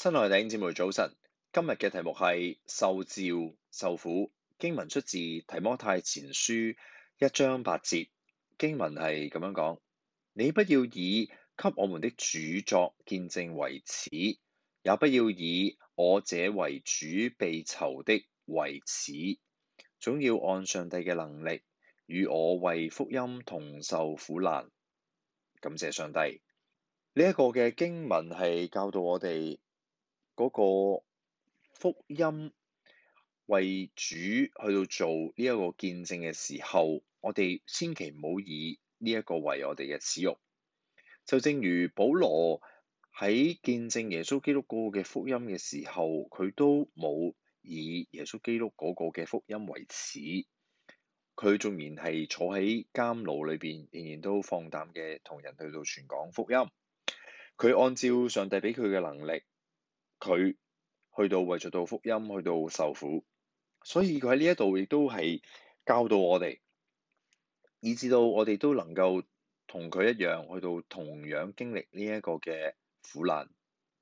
親愛嘅弟兄姊妹早晨，今日嘅題目係受召受苦經文出自《提摩太前書》一章八節，經文係咁樣講：你不要以給我們的主作見證為恥，也不要以我者為主被囚的為恥，總要按上帝嘅能力與我為福音同受苦難。感謝上帝，呢、這、一個嘅經文係教導我哋。嗰個福音為主去到做呢一個見證嘅時候，我哋千祈唔好以呢一個為我哋嘅恥辱。就正如保羅喺見證耶穌基督嗰個嘅福音嘅時候，佢都冇以耶穌基督嗰個嘅福音為恥，佢縱然係坐喺監牢裏邊，仍然都放膽嘅同人去到傳講福音。佢按照上帝俾佢嘅能力。佢去到為咗到福音去到受苦，所以佢喺呢一度亦都係教導我哋，以至到我哋都能夠同佢一樣去到同樣經歷呢一個嘅苦難。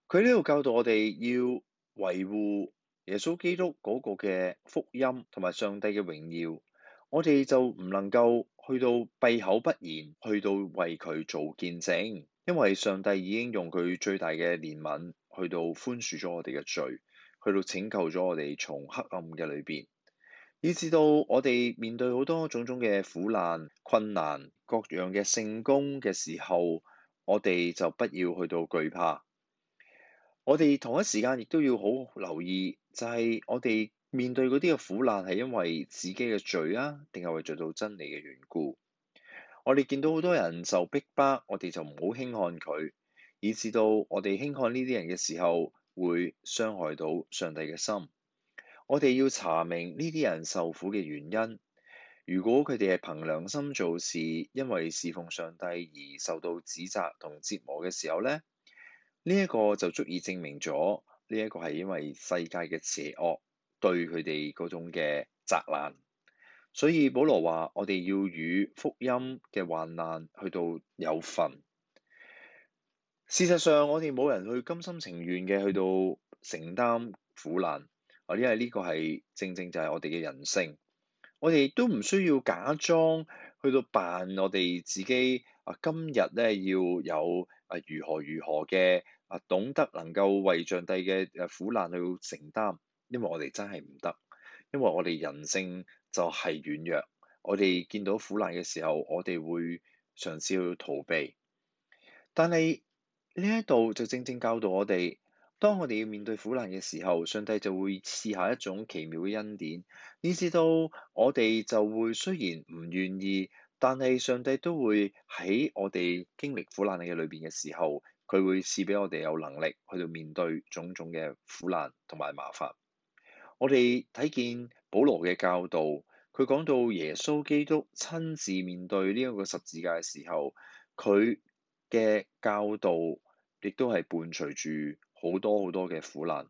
佢呢度教導我哋要維護耶穌基督嗰個嘅福音同埋上帝嘅榮耀，我哋就唔能夠去到閉口不言，去到為佢做見證，因為上帝已經用佢最大嘅憐憫，去到寬恕咗我哋嘅罪，去到拯救咗我哋從黑暗嘅裏邊，以至到我哋面對好多種種嘅苦難、困難、各樣嘅聖工嘅時候，我哋就不要去到懼怕。我哋同一時間亦都要好好留意，就係我哋面對嗰啲嘅苦難係因為自己嘅罪啊，定係為做到真理嘅緣故？我哋見到好多人受逼迫，我哋就唔好輕看佢。以至到我哋輕看呢啲人嘅時候，會傷害到上帝嘅心。我哋要查明呢啲人受苦嘅原因。如果佢哋係憑良心做事，因為侍奉上帝而受到指責同折磨嘅時候呢，呢一個就足以證明咗呢一個係因為世界嘅邪惡對佢哋嗰種嘅責難。所以保羅話：我哋要與福音嘅患難去到有份。事實上，我哋冇人去甘心情願嘅去到承擔苦難，啊，因為呢個係正正就係我哋嘅人性。我哋都唔需要假裝去到扮我哋自己啊，今日咧要有啊如何如何嘅啊，懂得能夠為上帝嘅誒苦難去承擔，因為我哋真係唔得，因為我哋人性就係軟弱。我哋見到苦難嘅時候，我哋會嘗試去逃避，但係。呢一度就正正教導我哋，當我哋要面對苦難嘅時候，上帝就會賜下一種奇妙嘅恩典，以至到我哋就會雖然唔願意，但係上帝都會喺我哋經歷苦難嘅裏邊嘅時候，佢會賜俾我哋有能力去到面對種種嘅苦難同埋麻煩。我哋睇見保羅嘅教導，佢講到耶穌基督親自面對呢一個十字架嘅時候，佢嘅教導。亦都係伴隨住好多好多嘅苦難。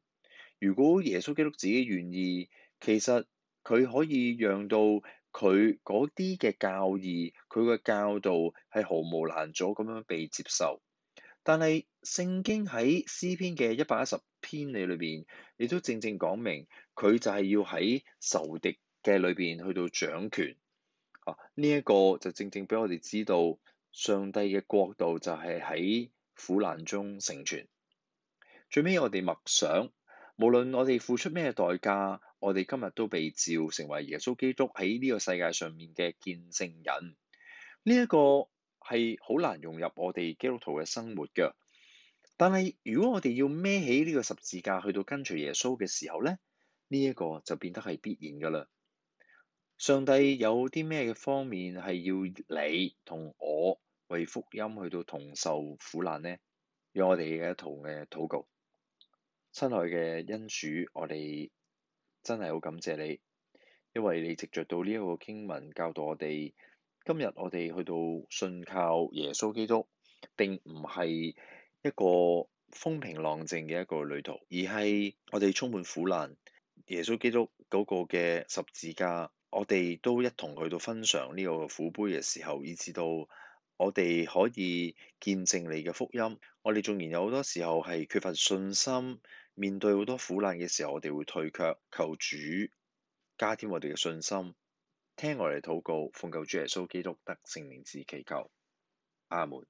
如果耶穌基督自己願意，其實佢可以讓到佢嗰啲嘅教義，佢嘅教導係毫無難阻咁樣被接受。但係聖經喺詩篇嘅一百一十篇裏邊，亦都正正講明佢就係要喺仇敵嘅裏邊去到掌權。啊，呢一個就正正俾我哋知道上帝嘅國度就係喺苦難中成全，最尾我哋默想，無論我哋付出咩代價，我哋今日都被召成為耶穌基督喺呢個世界上面嘅見證人。呢一個係好難融入我哋基督徒嘅生活噶，但係如果我哋要孭起呢個十字架去到跟隨耶穌嘅時候咧，呢、呢、一個就變得係必然噶啦。上帝有啲咩嘅方面係要你同我？為福音去到同受苦難呢，讓我哋嘅一同嘅禱告。親愛嘅恩主，我哋真係好感謝你，因為你藉著到呢一個經文教導我哋，今日我哋去到信靠耶穌基督，並唔係一個風平浪靜嘅一個旅途，而係我哋充滿苦難。耶穌基督嗰個嘅十字架，我哋都一同去到分享呢個苦杯嘅時候，以至到。我哋可以見證你嘅福音，我哋縱然有好多時候係缺乏信心，面對好多苦難嘅時候，我哋會退卻。求主加添我哋嘅信心，聽我哋禱告，奉救主耶穌基督得勝之名祈求，阿門。